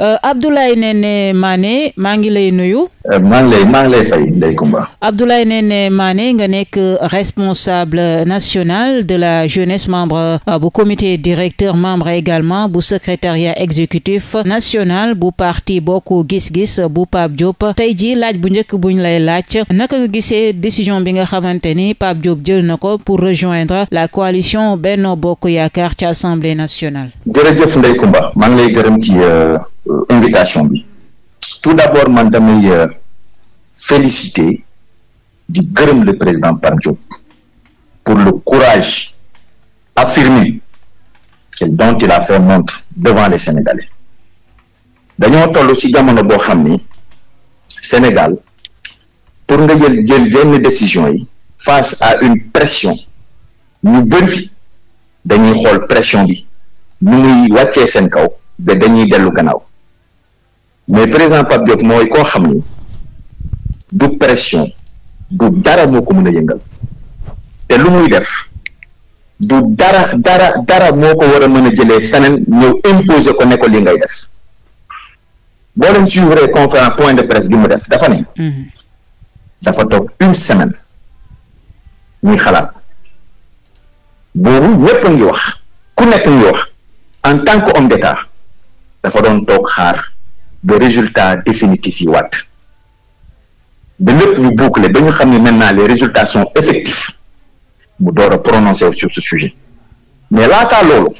Euh, Abdoulaye Néné Mané maa ngi lay nuyu Euh, maa ngi lay maa ngi lay fay Ndeye Comba. Abdoulaye Néné Mané nga nekk responsable national de la jeunesse membre euh, bu comité directeur membre également bu secrétariat exécutif national bu parti bokku gis-gis bu Pape Diop tey jii laaj bu njëkk bu ñu lay laaj naka nga gisee décision bi nga xamante ni Pape Diop jël na ko pour rejoindre la coalition Benno Bokk Yaakaar ci assemblée nationale. tout d'abord man damay euh, féliciter di gërëm le président Pape Diop pour le courage affirmé dont il a fait montre devant les Sénégalais dañoo toll ci jamono boo xam ni Sénégal pour nga jël jël yenn décision yi face à une pression ñu bëri dañuy xool pression bi nu muy wàccee seen kaw ba dañuy dellu gannaaw mais président Pape Diop mooy koo xam ni du pression du dara moo ko mën a yëngal te lu muy def du dara dara dara moo ko war a mën a jëlee semaine ñëw imposer ko ne ko li ngay def boo dem suivre conférence point de presse bi mu def dafa ne. Mhm. dafa toog une semaine ñuy xalaat boobu ñépp a ngi wax ku nekk ngi wax en tant que homme d'état dafa doon toog xaar. ba résultat définitif yi wàtt da lépp ñu boucler ba dañu xam ne maintenant les résultats sont effectifs mu door a prononcer sur ce sujet mais laataa loolu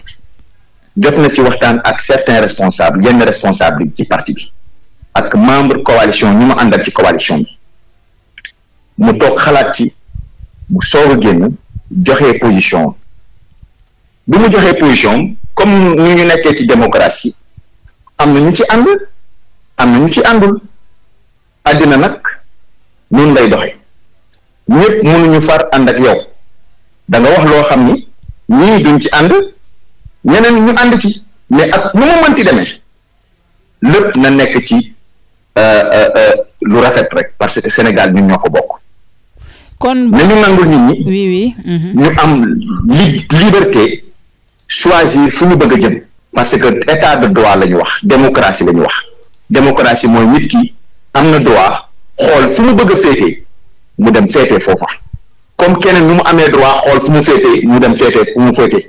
jot na ci waxtaan ak certains responsables yenn responsables yi ci parti bi ak membre coalition ñi mu àndal ci coalition bi mu toog xalaat ci mu soog a génn joxe position bi mu joxee position comme ñu ñu nekkee ci démocratie am na ñu ci ànd am na ñu ci àndul àddina nag noonu lay doxe ñëpp mënuñu far ànd ak yow da wax loo xam ni ñii duñ ci ànd ñeneen ñu ànd ci mais ak nu mu mënti demee lépp na nekk ci euh, euh, euh, lu rafet rek parce que Sénégal ñun ñoo ko bokk. kon nañu nangul nit ñi. Mhm. ñu am li liberté choisir fu ñu bëgg a jëm. parce que état de droit la ñu wax démocratie la ñu wax. démocratie mooy nit ki am na droit xool fu mu bëgg a féetee mu dem féetee foofa comme keneen nu mu amee droit xool fu mu féetee mu dem féetee fu mu féetee.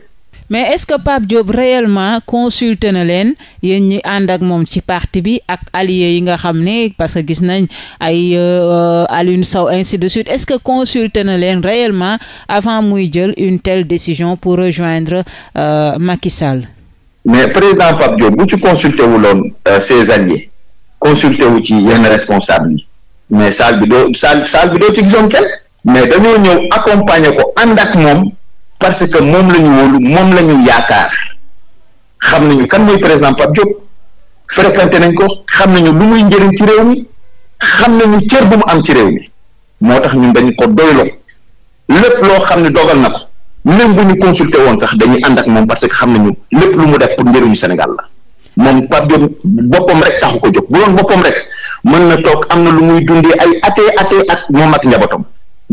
mais est-ce que Pape Diop réellement consulté na leen yéen ñi ànd ak moom ci parti bi ak alliés yi nga xam ne parce que gis nañ ay euh, Alioune Sow ainsi de suite est-ce que consulté na leen réellement avant muy jël une telle décision pour rejoindre euh, Macky Sall. mais président Pape Diop bu ci consulté wu loon euh, ses alliés consulté wu ci yenn responsable yi mais salle bi doo salle salle bi doo ci gisoon kenn mais dañoo ñëw accompagner ko ànd ak moom parce que moom la ñu wóolu moom la ñu yaakaar xam nañu kan mooy président Pape Diop fréquenté nañ ko xam nañu lu muy njëriñ ci réew mi xam nañu cër bu mu am ci réew mi moo tax ñu dañu ko doyloo lépp loo xam ne dogal na ko même bu ñu consulter woon sax dañuy ànd ak moom parce que xam ñu lépp lu mu def pour njëriñu Sénégal la moom Pape Diop boppam rek taxu ko jóg bu doon boppam rek mën na toog am na lu muy dundee ay atee atee at moom ak njabootam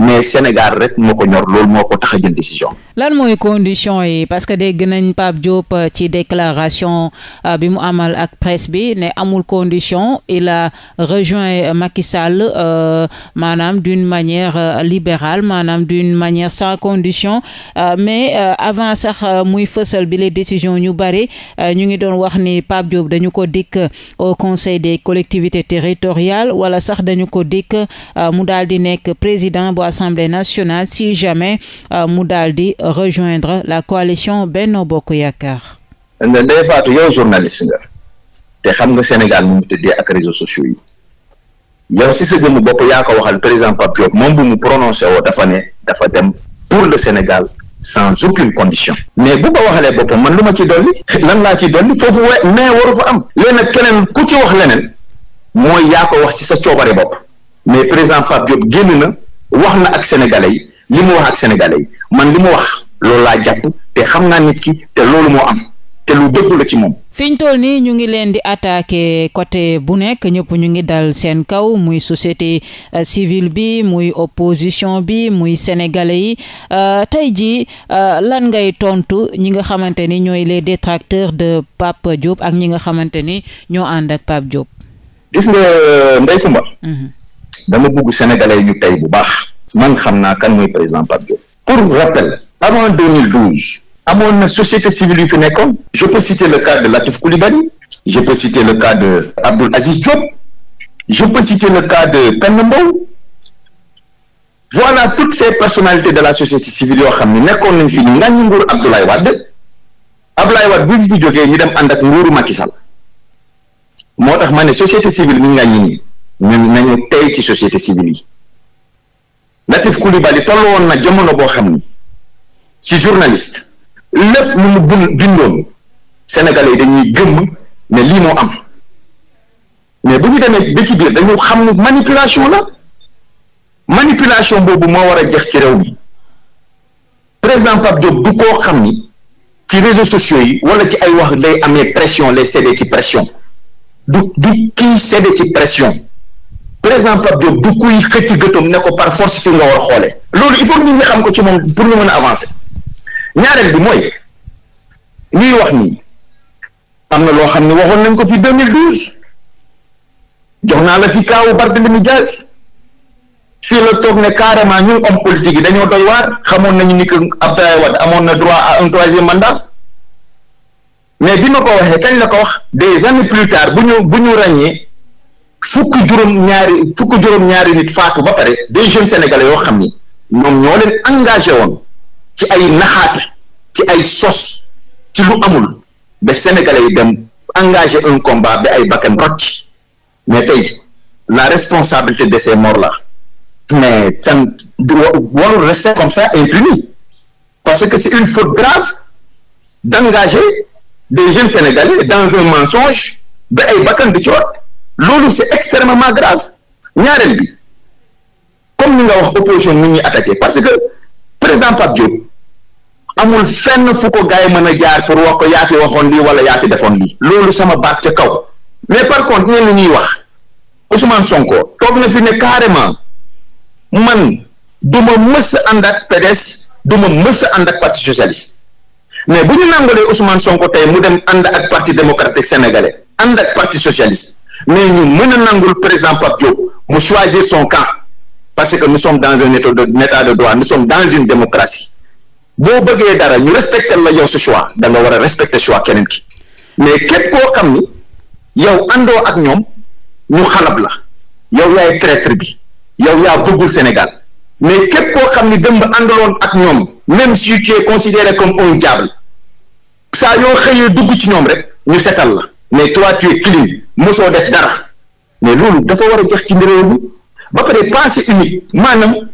mais Sénégal rek moo ko ñor loolu moo ko tax a jël décision. lan mooy condition yi parce que dégg nañ Pape Diop euh, ci déclaration euh, bi mu amal ak presse bi ne amul condition il a rejoint Macky Sall euh, maanaam d'une manière libérale maanaam d'une manière sans condition mais avant sax muy fësal bi les décisions ñu bari ñu ngi doon wax ni Pape Diop dañu ko dikk au conseil des collectivités territoriales wala sax dañu ko dikk mu daal di nekk président Assemblée nationale si jamais euh, mu daal di rejoindre la coalition benn Bokk Yaakaar. Ndeye Fatou yow journaliste nga te xam nga Sénégal mu tëddee ak réseaux sociaux yi yow si sa jëmm bopp yaa ko waxal président Pape Diop moom bu mu prononcé woo dafa ne dafa dem pour le Sénégal sans aucune condition mais bu ma waxalee boppam man lu ma ci dolli lan laa ci dolli foofu we mais waru fa am léegi nag keneen ku ci wax leneen mooy yaa ko wax ci sa coobare bopp président Pape Diop génn wax na ak sénégalais yi li mu wax ak sénégalais yi man li mu wax loolu laa jàpp te xam naa nit ki te loolu moo am te lu dëgg ci moom. fi toll nii ñu ngi leen di attaqué côté bu nekk ñëpp ñu ngi dal seen kaw muy société euh, bi muy opposition bi muy sénégalais yi euh, tey jii euh, lan ngay tontu ñi nga xamante ni ñooy les détracteurs de Pape Diop ak ñi nga xamante ni ñoo ànd ak Pape Diop. gis nga euh, Ndeye Comba. Mhm. dama bugg sénégalais ñu tey bu baax man xam naa kan mooy président Pape Diop pour rappel avant 2012 amoon na société civile yu fi nekkoon je peux citer le cas de Latif Coulibaly je peux citer le cas de Abdoul Aziz Diop je peux citer le cas de Penda Mbow voilà toutes ces personnalités de la société civile yoo xam ne nekkoon nañu fi nga ñu nguur Abdoulaye Wade Abdoulaye Wade bu ñu fi jógee ñu dem ànd ak nguuru Macky moo tax ma ne société civile mi nii ñun nañu tey ci société civile yi Latif Coulibaly toll woon na jamono boo xam ni ci journaliste lépp lu mu bindoon sénégalais yi dañuy gëmm ne lii moo am mais bu ñu demee ba ci biir dañu xam ni manipulation la manipulation boobu moo war a jeex ci réew mi président Pape Diop du koo xam ni ci réseaux sociaux yi wala ci ay wax day amee pression lay cédé ci pression du du kii ci pression président Pape Diop du kuy xëcc gëtoom ne ko par force fi nga war xoole loolu il faut nit ñi xam ko ci moom pour ñu mën a avancer ñaareel bi mooy ñuy wax nii am na loo xam ne waxoon nañ ko fi 2012 jox naa la fi kaawu Barthélemy Diaz fii la toog ne carrément ñun homme politique yi dañoo doy waar xamoon nañu ni que Abdoulaye Wade amoon na droit à un troisième mandat mais bi ma ko waxee kañ la ko wax des années plus tard bu ñu bu ñu ràññee. fukk juróom ñaari fukk juróom ñaari nit faatu ba pare des jeunes sénégalais yoo xam ni ñoom ñoo leen engagé woon ci ay naxaate ci ay sos ci lu amul ba sénégalais yi dem engagé un combat ba ay bakkan rocc mais tey la responsabilité de ces morts la mais san warul rester comme ça impuni parce que c'est une faute grave d'engager des jeunes sénégalais dans un mensonge ba ay bakkan di ci loolu c' est extrêmement grave ñaareel bi comme ni nga wax opposition nu ñuy attaqué parce que président Pape Diop amul fenn fu ko gars yi mën a jaar pour wax ko yaa fi waxoon lii wala yaa defoon lii loolu sama baat ca kaw mais par contre ñeen li ñuy wax Ousmane Sonko toog na fi ne carrément man du ma mës a ànd ak PDS du ma mës a ànd ak parti socialiste mais bu ñu nangalee Ousmane Sonko tey mu dem ànd ak parti démocratique sénégalais ànd ak parti socialiste. mais ñu mën a nangul exemple Pape Diop mu choisir son camp parce que nous sommes dans un état de un état de droit nous sommes dans une démocratie boo bëggee dara ñu respecter la yow sa choix da nga war a respecter choix keneen ki mais képp koo xam ni yow àndoo ak ñoom ñu xalab la yow yaay traître bi yow yaa bëggul Sénégal mais képp koo xam ni dëmb àndaloon ak ñoom même si tu es considéré comme un diable saa yoo xëyee dugg ci ñoom rek ñu setal la. mais toi tu es clean mosoo def dara mais loolu dafa war a jeex ci réew mi ba pare pensée unique maanaam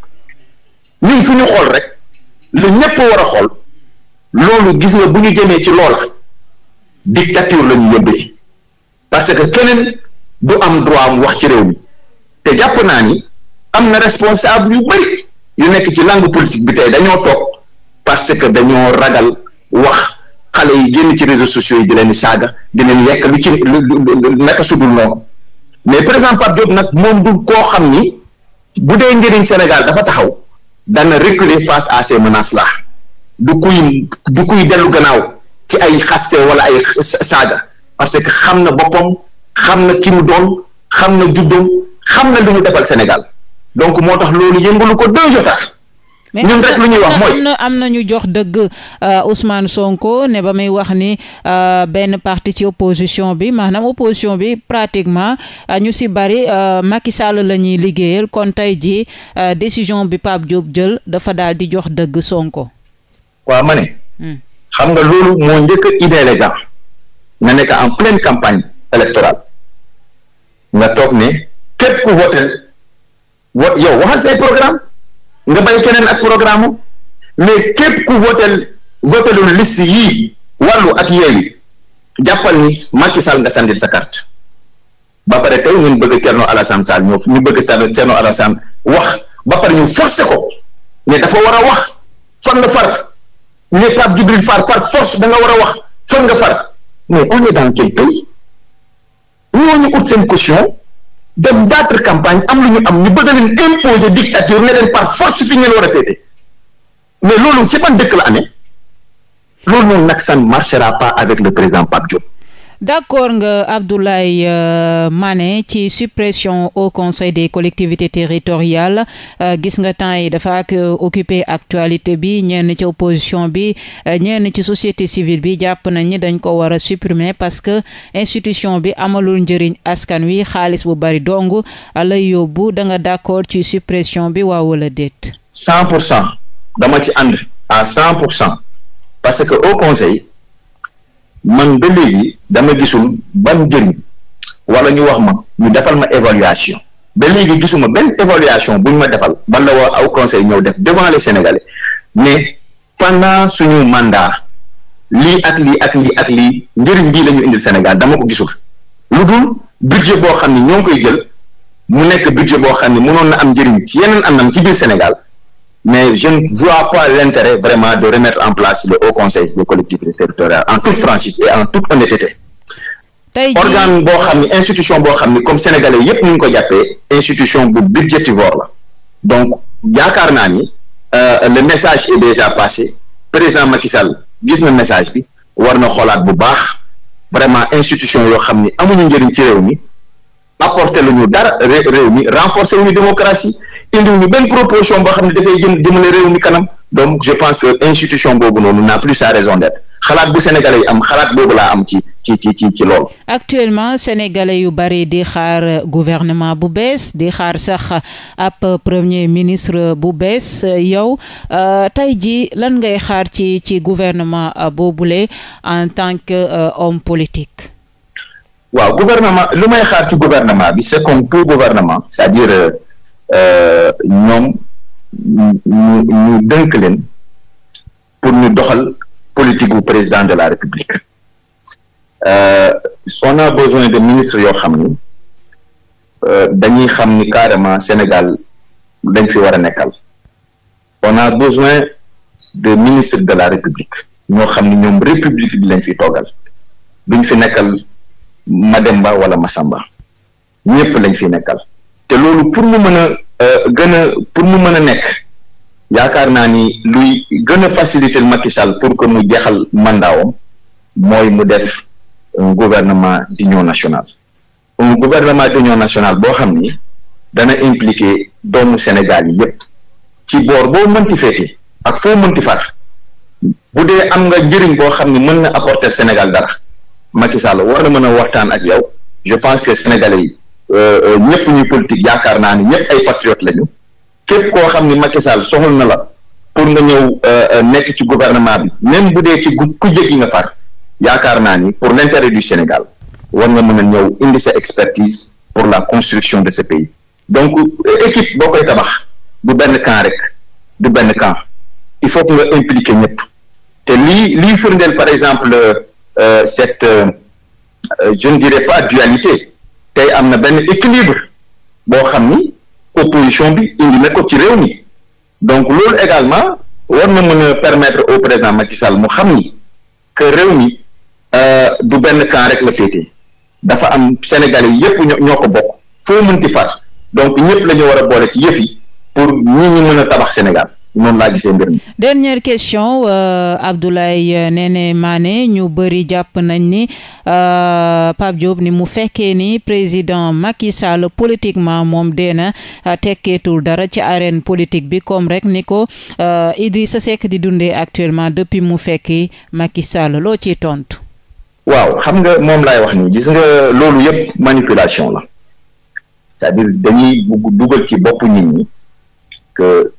ñun fu ñu xool rek lu ñëpp war a xool loolu gis nga bu ñu demee ci loola dictature la ñu yóbbee parce que keneen du am droit am wax ci réew mi te jàpp naa ni am na responsable yu bëri yu nekk ci langue politique bi tey dañoo toog parce que dañoo ragal wax. xale yi génn ci réseaux sociaux yi di leen saaga di leen yekk lu ci naka sudul noonu mais président Pape jot nag moom du koo xam ni bu dee njëriñ Sénégal dafa taxaw dana reculer face à ces menaces là du kuy du kuy dellu gannaaw ci ay xaste wala ay saaga parce que xam na boppam xam na ki mu doon xam na juddoom xam na lu mu defal Sénégal donc moo tax loolu yëngalu ko deux jotaar ñun rek lu ñuy wax mooy am na am ñu jox dëgg euh, Ousmane Sonko ne ba muy wax ni euh, benn parti ci opposition bi maanaam opposition bi pratiquement euh, ñu si bari Macky Sall la ñuy liggéeyal kon tey jii décision bi Pape Diop jël dafa daal di jox dëgg Sonko. waaw ma ne. Hmm. xam nga loolu moo njëkk a idée nga nekk en pleine campagne électorale nga toog ne képp ku voté yow waxal say programme. nga bay keneen ak programme mais képp ku votel votelul list yii wàllu ak yeewi jàppal ni Macky Sall nga sandil sa carte ba pare tey ñun bëgg Thierno Alassane Sall ñoo ñu bëgg Thierno Alassane wax ba pare ñu forcé ko ne dafa war a wax fan la far ne Pape Djibril Fall par force da nga war a wax fan nga far mais on est dans quel pays ñooñu ut seen caution dem battre campagne am lu ñu am ñu bëgg leen imposer dictature ne leen par force fi ngeen war a féete mais loolu ci ban dëkk la amee loolu noonu nag ça ne marchera pas avec le président Pape Diop d'accord nga Abdoulaye euh, Mané ci suppression au conseil des collectivités territoriales euh, gis nga temps yi dafa ak euh, actualité bi ñenn ci opposition bi ñenn ci société civile bi jàpp nañ ni dañ ko war a supprimer parce que institution bi amalul njëriñ askan wi xaalis bu bari dong lay yóbbu da nga d'accord ci supression bi waaw wala déet. pour cent dama ci ànd à parce que au conseil. man da léegi dama gisul ban jëriñ wala ñu wax ma ñu defal ma évaluation ba léegi gisuma benn évaluation bu ma defal ban la waa aw conseil ñëw def devant les sénégalais mais pendant suñu mandat lii ak lii ak lii ak lii njëriñ bii lañu indil Sénégal dama ko gisul lu dul budget boo xam ne ñoo ngi koy jël mu nekk budget boo xam ne mënoon na am njëriñ ci yeneen anam ci biir Sénégal. mais je ne vois pas l'intérêt vraiment de remettre en place le Haut Conseil des collectivités territoriales en toute franchise et en toute honnêteté organe boo xam ni institution boo xam ni comme sénégalais yépp ñu ngi ko jàppee institution bu budgétivore la donc yaakaar naa ni euh, le message est déjà passé président Macky gis na message bi war na xoolaat bu baax vraiment institution yoo xam ni amuñu njëriñ ci réew mi apporter lu ñu dara réew mi renforcer wu ñu démocratie indi benn proposition boo xam ne dafay jëm jëmale réew mi kanam donc je pense que institution boobu noonu n'a plus sa raison d'être xalaat bu sénégalais yi am xalaat boobu laa am ci ci ci ci ci loolu. actuellement sénégalais yu bari di xaar gouvernement bu bees di xaar sax ab premier ministre bu bees yow euh, tey jii lan ngay xaar ci ci gouvernement boobule en tant que euh, homme politique. waaw gouvernement lu may xaar ci gouvernement bi c'est comme tout gouvernement c'est-à-dire euh, ñoom ñu ñu dënk leen pour ñu doxal politique bu président de la république euh, on a besoin de ministres yoo xam ni euh, dañuy xam ni carrément Sénégal dañ fi war a nekkal on a besoin de ministres de la république ñoo xam ni ñoom république bi lañ fi toogal duñ fi nekkal Mademba wala Masamba ñëpp lañ fi nekkal te loolu pour mu mën a euh, gën a pour mu mën a nekk yaakaar naa ni luy gën a faciliter Macky pour que mu jeexal mandaawam mooy mu def un gouvernement d'union nationale un gouvernement d'union nationale boo xam ni dana impliquer doomu Sénégal yi yépp ci boor boo mënti féete ak foo mënti far bu dee am nga njëriñ boo xam ni mën na apporter Sénégal dara Macky Sall war na mën a waxtaan ak yow je pense que sénégalais yi euh, euh, ñëpp ñuy politique yaakaar naa ni ñëpp ay patriotes lañu képp koo xam ni Macky Sall soxal na la pour nga ñëw euh, nekk ci gouvernement bi même bu dee ci ku jéggi nga far yaakaar naa ni pour l'intérêt du Sénégal war nga mën a ñëw indi sa expertise pour la construction de ce pays donc équipe boo koy tabax du benn camp rek du benn camp il faut que nga impliquer ñëpp te lii lii firndeel par exemple. Euh, cette euh, euh, je ne dirais pas dualité tey am na benn équilibre boo xam ni opposition bi indi na ko ci réew mi donc loolu également war na mën a permettre au président Macky Sall mu xam ni que réew mi du benn camp rek la féete dafa am Sénégalais yépp ñoo ko bokk foo mënti far donc ñëpp la ñu war a boole ci yëf yi pour ñi mën a tabax Sénégal noonu laa gisee mbir mi. dernière question euh, Abdoulaye euh, Néné Mané ñu bëri jàpp nañ ni euh, Pape Diop ni mu fekkee ni président Macky Sall politiquement moom dee na tekkeetul dara ci arène politique bi comme rek ni ko sa Seck di dundee actuellement depuis mu fekki Macky Sall loo ci tontu. waaw xam nga moom laay wax nii gis nga loolu yëpp manipulation la cest dire dañuy dugal ci bopp nit ñi que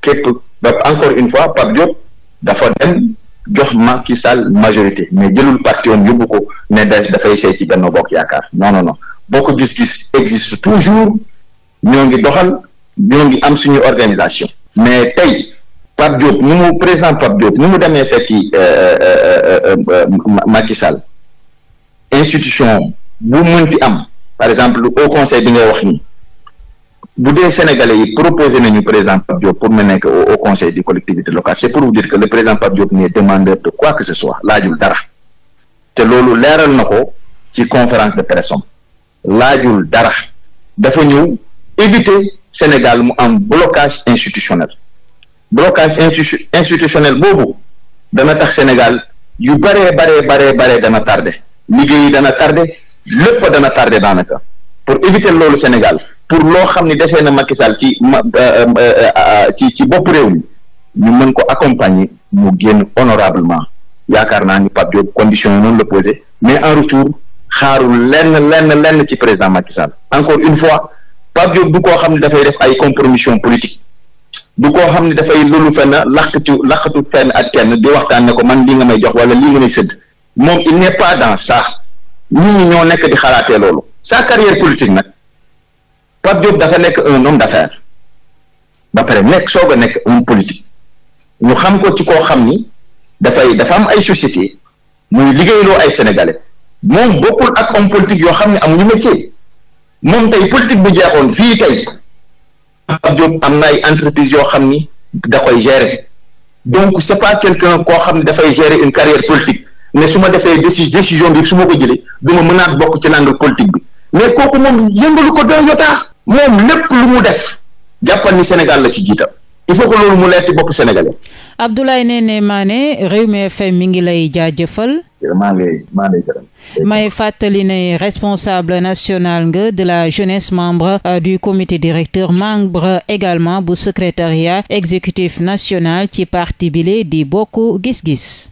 donc encore une fois Pape Diop dafa dem jox Macky Sall majorité mais jëlul parti woon yóbbu ko ne dafay sey ci Benno Bokk Yaakaar non non non Bokk Gis Gis existe toujours ñoo ngi doxal ñoo ngi am suñu organisation mais tey Pape Diop ni mu président Pape Diop ni mu demee fekki euh, euh, euh, Macky Sall institution bu mënti am par exemple le Haut Conseil bi ngay wax nii bu dee sénégalais yi proposé nañu président Pape Diop pour mu nekk au conseil des collectivités locales c'est pour vous dire que le président Pape Diop n'est demandeur de quoi que ce soit laajul dara te loolu leeral na ko ci conférence de presse laajul dara dafa ñëw éviter Sénégal mu am blocage institutionnel blocage institutionnel boobu dana tax Sénégal yu baree bare baree baree dana tardé liggéey yi dana tardé lépp dana tardé daanaka. pour éviter loolu Sénégal pour loo xam ne desee na Macky Sall ci ma euh, euh, euh, ci ci bopp réew mi ñu mën ko accompagner mu génn honorablement yaakaar naa ni Pape condition yi noonu la posé mais en retour xaaru lenn lenn lenn ci président Macky Sall encore une fois Pape Diop du koo xam ne dafay def ay compromission politique du koo xam ne dafay lolu fenn laqatu laqatu fenn ak kenn di waxtaan ne ko man lii nga may jox wala lii nga may sëdd moom il n'est pas dans ça nit ñi ñoo nekk di xalaatee loolu sa carrière politique nag Pape Diop dafa nekk un homme d'affaires ba pare nekk soog a nekk un politique ñu xam ko ci koo xam ni dafay dafa am ay société muy liggéeyloo ay sénégalais moom bokkul ak homme politique yoo xam ne amuñu métier moom tey politique bu jeexoon fii tey Pape am na ay entreprise yoo xam ni da koy gérer donc c'est pas quelqu'un koo xam ne dafay gérer une carrière politique mais su ma defee décision bi su ma ko jëlee du ma mënaat bokk ci langue politique bi mais kooku moom yëngalu mi ngi lay jaajëfal. Eh, maa ngi eh, fàttali ne responsable national nge de la jeunesse membre euh, du comité directeur membre également bu secretariat exécutif national ci parti bile di bokk gis-gis.